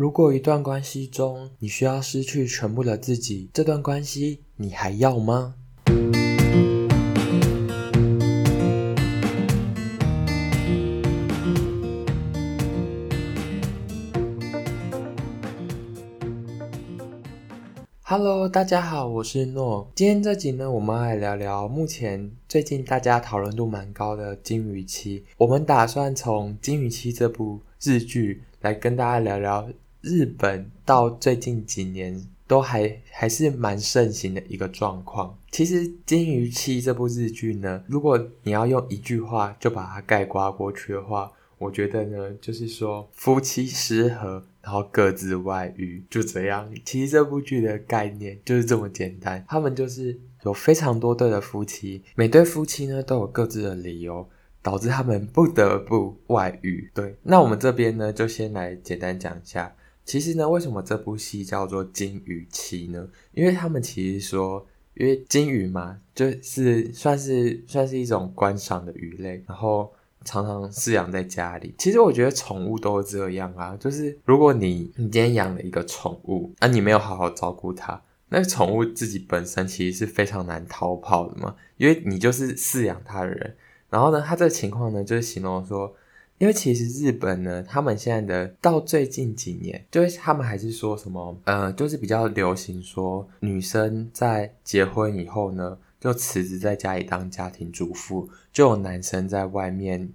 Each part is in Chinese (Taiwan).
如果一段關係中你需要失去全部的自己，這段關係你還要嗎？Hello，大家好，我是諾。今天這集呢，我們來聊聊目前最近大家討論度蠻高的《金魚妻》，我們打算從《金魚妻》這部日劇來跟大家聊聊。日本到最近幾年都還還是蠻盛行的一個狀況。其實《金魚妻》這部日劇呢，如果你要用一句話就把它概括過去的話，我覺得呢，就是說夫妻失和，然後各自外遇，就這樣。其實這部劇的概念就是這麼簡單，他們就是有非常多對的夫妻，每對夫妻呢都有各自的理由，導致他們不得不外遇。對，那我們這邊呢就先來簡單講一下。其實呢，為什麼這部戲叫做《金魚妻》呢？因為他們其實說，因為金魚嘛，就是算是算是一種觀賞的魚類，然後常常飼養在家裡。其實我覺得寵物都是這樣啊，就是如果你你今天養了一個寵物，啊，你沒有好好照顧它，那寵物自己本身其實是非常難逃跑的嘛，因為你就是飼養它的人。然後呢，它這個情況呢，就是形容說。因為其實日本呢，他們現在的到最近幾年，就是他們還是說什麼，呃，就是比較流行說女生在結婚以後呢，就辭職在家裡當家庭主婦，就有男生在外面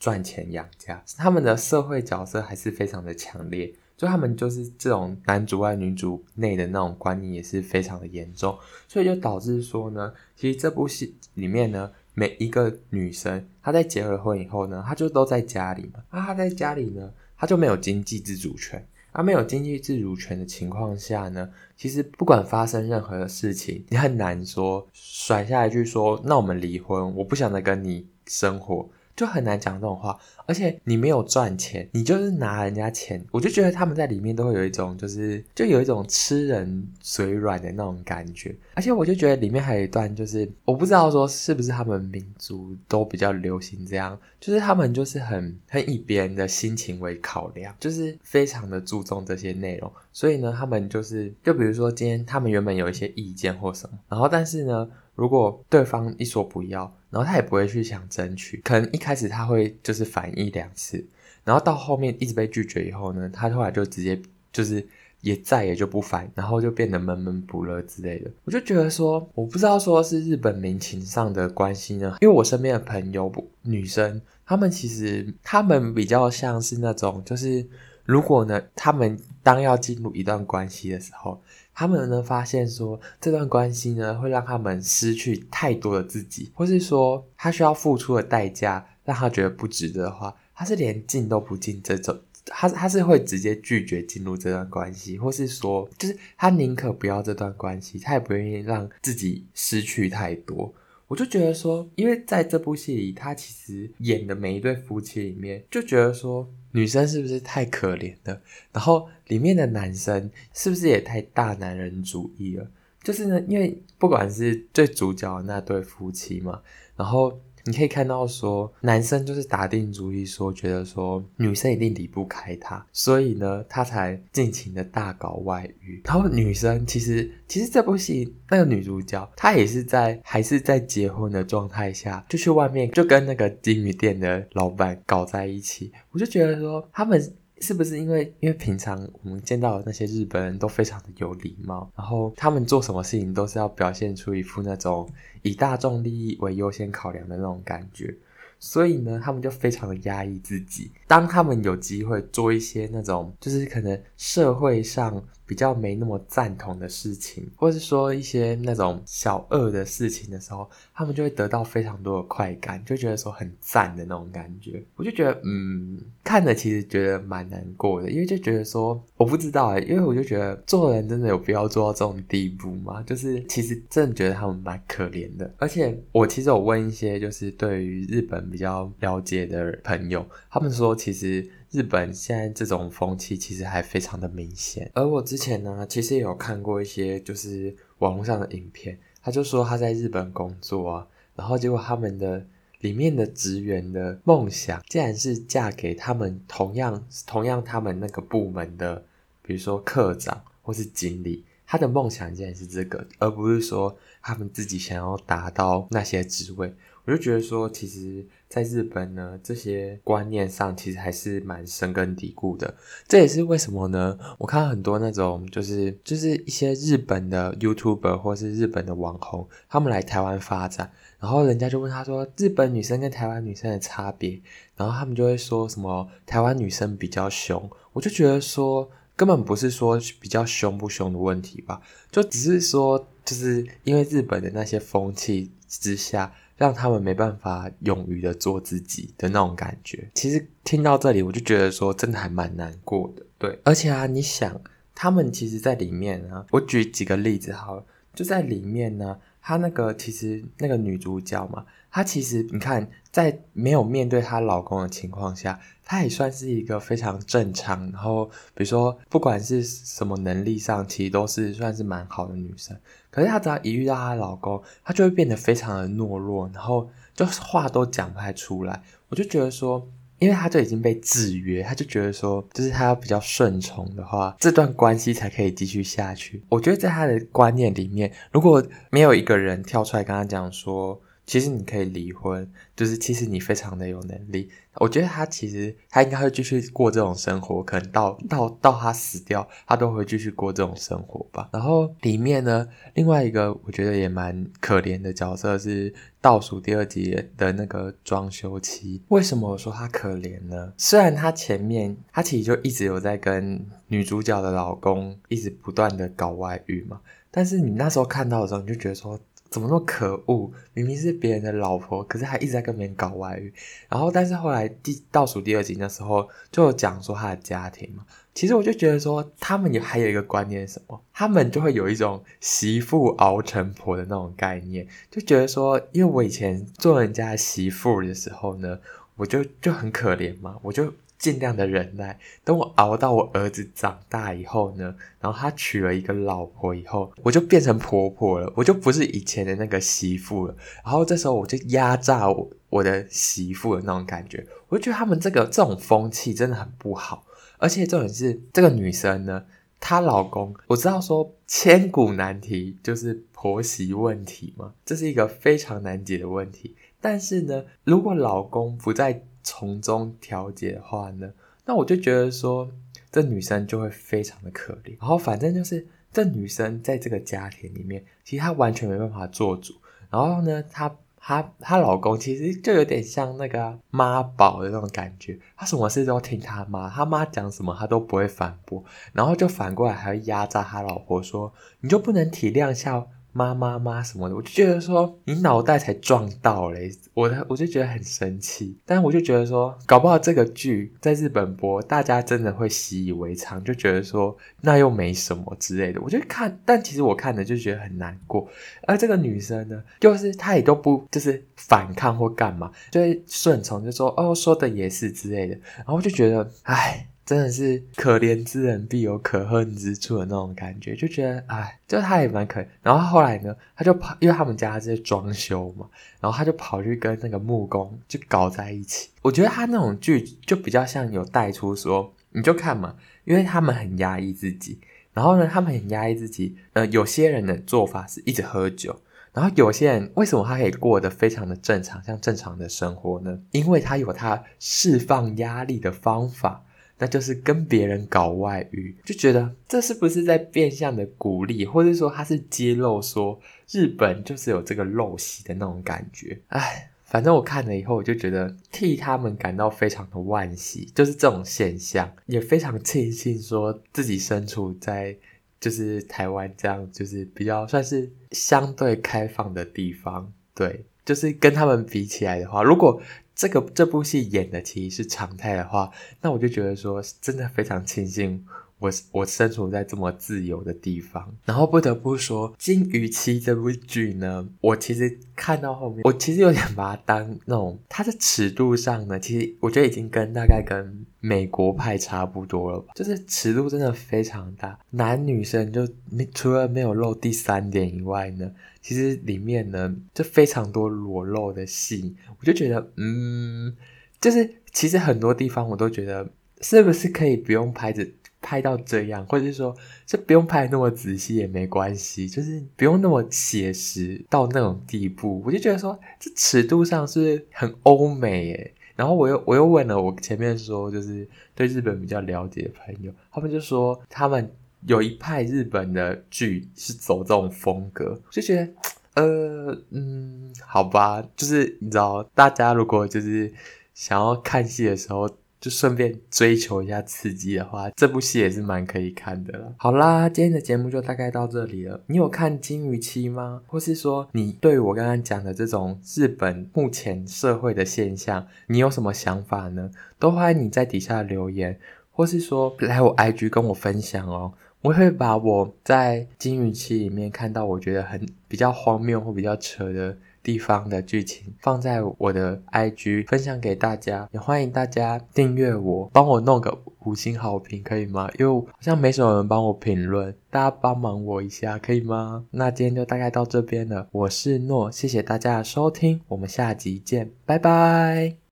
賺錢養家。他們的社會角色還是非常的強烈，就他們就是這種男主外女主內的那種觀念也是非常的嚴重，所以就導致說呢，其實這部戲裡面呢。每一個女生，她在結了婚以後呢，她就都在家裡嘛。啊，她在家裡呢，她就沒有經濟自主權。啊，沒有經濟自主權的情況下呢，其實不管發生任何的事情，你很難說甩下一句說：“那我們離婚，我不想再跟你生活。”就很難講這種話，而且你沒有賺錢，你就是拿人家錢，我就覺得他們在裡面都會有一種，就是就有一種吃人嘴軟的那種感覺。而且我就覺得裡面還有一段，就是我不知道說是不是他們民族都比較流行這樣，就是他們就是很很以別人的心情為考量，就是非常的注重這些內容。所以呢，他們就是，就比如說今天他們原本有一些意見或什麼，然後但是呢。如果對方一說不要，然後他也不會去想爭取，可能一開始他會就是反一兩次，然後到後面一直被拒絕以後呢，他後來就直接就是也再也就不反，然後就變得悶悶不樂之類的。我就覺得說，我不知道說是日本民情上的關係呢，因為我身邊的朋友女生，他們其實他們比較像是那種，就是如果呢，他們當要進入一段關係的時候。他們呢發現說，這段關係呢會讓他們失去太多的自己，或是說他需要付出的代價讓他覺得不值得的話，他是連進都不進這種，他他是會直接拒絕進入這段關係，或是說就是他寧可不要這段關係，他也不願意讓自己失去太多。我就覺得說，因為在這部戲裡，他其實演的每一對夫妻裡面，就覺得說女生是不是太可憐了？然後裡面的男生是不是也太大男人主義了？就是呢，因為不管是最主角的那對夫妻嘛，然後。你可以看到說，男生就是打定主意說，覺得說女生一定離不開他，所以呢，他才盡情的大搞外遇。然後女生其實，其實這部戲那個女主角，她也是在還是在結婚的狀態下，就去外面就跟那個金魚店的老闆搞在一起。我就覺得說，他們。是不是因為，因為平常我們見到的那些日本人都非常的有禮貌，然後他們做什麼事情都是要表現出一副那種以大眾利益為優先考量的那種感覺。所以呢，他們就非常的壓抑自己。當他們有機會做一些那種，就是可能社會上。比較沒那麼贊同的事情，或是說一些那種小惡的事情的時候，他們就會得到非常多的快感，就覺得說很讚的那種感覺。我就覺得，嗯，看着其實覺得蠻難過的，因為就覺得說我不知道、欸、因為我就覺得做人真的有必要做到這種地步嗎？就是其實真的覺得他們蠻可憐的。而且我其實有問一些就是對於日本比較了解的朋友，他們說其實。日本現在這種風氣其實還非常的明顯，而我之前呢，其實也有看過一些就是網絡上的影片，他就說他在日本工作啊，然後結果他們的裡面的職員的夢想，竟然是嫁給他們同樣同樣他們那個部門的，比如說課長或是經理，他的夢想竟然是這個，而不是說他們自己想要達到那些職位。我就覺得說，其實在日本呢，這些觀念上其實還是蠻深根蒂固的。這也是為什麼呢？我看到很多那種，就是就是一些日本的 YouTuber 或者是日本的網紅，他們來台灣發展，然後人家就問他說：“日本女生跟台灣女生的差別？”然後他們就會說什麼：“台灣女生比較兇。”我就覺得說，根本不是說比較兇不兇的問題吧，就只是說，就是因為日本的那些風氣之下。讓他們沒辦法勇於的做自己的那種感覺，其實聽到這裡我就覺得說真的還蠻難過的，對。而且啊，你想他們其實在裡面啊，我舉幾個例子好了，就在裡面呢，他那個其實那個女主角嘛，她其實你看。在沒有面對她老公的情況下，她也算是一個非常正常。然後，比如說，不管是什麼能力上，其實都是算是蠻好的女生。可是她只要一遇到她老公，她就會變得非常的懦弱，然後就話都講不太出來。我就覺得說，因為她就已經被制約，她就覺得說，就是她要比較順從的話，這段關係才可以繼續下去。我覺得在她的觀念裡面，如果沒有一個人跳出來跟她講說，其實你可以離婚，就是其實你非常的有能力。我覺得他其實他應該會繼續過這種生活，可能到到到他死掉，他都會繼續過這種生活吧。然後裡面呢，另外一個我覺得也蠻可憐的角色是倒數第二集的那個裝修期。為什麼我說他可憐呢？雖然他前面他其實就一直有在跟女主角的老公一直不斷的搞外遇嘛，但是你那時候看到的時候，你就覺得說。怎麼那麼可惡？明明是別人的老婆，可是還一直在跟別人搞外遇。然後，但是後來第倒數第二集那時候就講說他的家庭嘛。其實我就覺得說，他們有還有一個觀念是什麼，他們就會有一種媳婦熬成婆的那種概念，就覺得說，因為我以前做人家媳婦的時候呢，我就就很可憐嘛，我就。盡量的忍耐，等我熬到我兒子長大以後呢，然後他娶了一個老婆以後，我就變成婆婆了，我就不是以前的那個媳婦了。然後這時候我就壓榨我我的媳婦的那種感覺，我就覺得他們這個這種風氣真的很不好。而且重點是，這個女生呢，她老公我知道說千古難題就是婆媳問題嘛，這是一個非常難解的問題。但是呢，如果老公不在。從中調解的話呢，那我就覺得說，這女生就會非常的可憐。然後反正就是，這女生在這個家庭裡面，其實她完全沒辦法做主。然後呢，她她她老公其實就有點像那個媽寶的那種感覺，他什麼事都聽他媽，他媽講什麼他都不會反駁，然後就反過來還要壓榨他老婆說，說你就不能體諒一下。媽媽媽什麼的，我就覺得說你腦袋才撞到嘞，我呢，我就覺得很生氣。但我就覺得說，搞不好這個劇在日本播，大家真的會習以為常，就覺得說那又沒什麼之類的。我就看，但其實我看的就覺得很難過。而這個女生呢，就是她也都不就是，反抗或幹嘛，就會順從，就說哦，說的也是之類的。然後就覺得，哎，真的是可憐之人必有可恨之處的那種感覺，就覺得，哎，就他也蠻可憐。然後後來呢，他就跑，因為他們家他在裝修嘛，然後他就跑去跟那個木工就搞在一起。我覺得他那種劇就比較像有帶出說，你就看嘛，因為他們很壓抑自己，然後呢，他們很壓抑自己。呃，有些人的做法是一直喝酒。然後有些人為什麼他可以過得非常的正常，像正常的生活呢？因為他有他釋放壓力的方法，那就是跟別人搞外遇，就覺得這是不是在變相的鼓勵，或者說他是揭露說日本就是有這個陋習的那種感覺。哎，反正我看了以後，我就覺得替他們感到非常的惋惜，就是這種現象，也非常慶幸說自己身處在。就是台灣這樣，就是比較算是相對開放的地方，對，就是跟他們比起來的話，如果這個這部戲演的其實是常態的話，那我就覺得說真的非常慶幸。我我身處在這麼自由的地方，然後不得不說，《金魚妻》這部劇呢，我其實看到後面，我其實有點把它當那種它的尺度上呢，其實我覺得已經跟大概跟美國派差不多了吧，就是尺度真的非常大，男女生就除了沒有露第三點以外呢，其實裡面呢就非常多裸露的戲，我就覺得，嗯，就是其實很多地方我都覺得是不是可以不用拍子。拍到這樣，或者是說就不用拍那麼仔細也沒關係，就是不用那麼寫實到那種地步。我就覺得說這尺度上是很歐美誒。然後我又我又問了我前面說就是對日本比較了解的朋友，他們就說他們有一派日本的劇是走這種風格，就覺得呃嗯好吧，就是你知道，大家如果就是想要看戲的時候。就順便追求一下刺激的話，這部戲也是蠻可以看的了。好啦，今天的節目就大概到這裡了。你有看《金魚妻》嗎？或是說你對我剛剛講的這種日本目前社會的現象，你有什麼想法呢？都歡迎你在底下留言，或是說來我 IG 跟我分享哦。我會把我在《金魚妻》裡面看到我覺得很比較荒謬或比較扯的地方的劇情放在我的 IG 分享給大家，也歡迎大家訂閱我，幫我弄個五星好評可以嗎？因為好像沒什麼人幫我評論，大家幫忙我一下可以嗎？那今天就大概到這邊了，我是諾，謝謝大家的收聽，我們下集見，拜拜。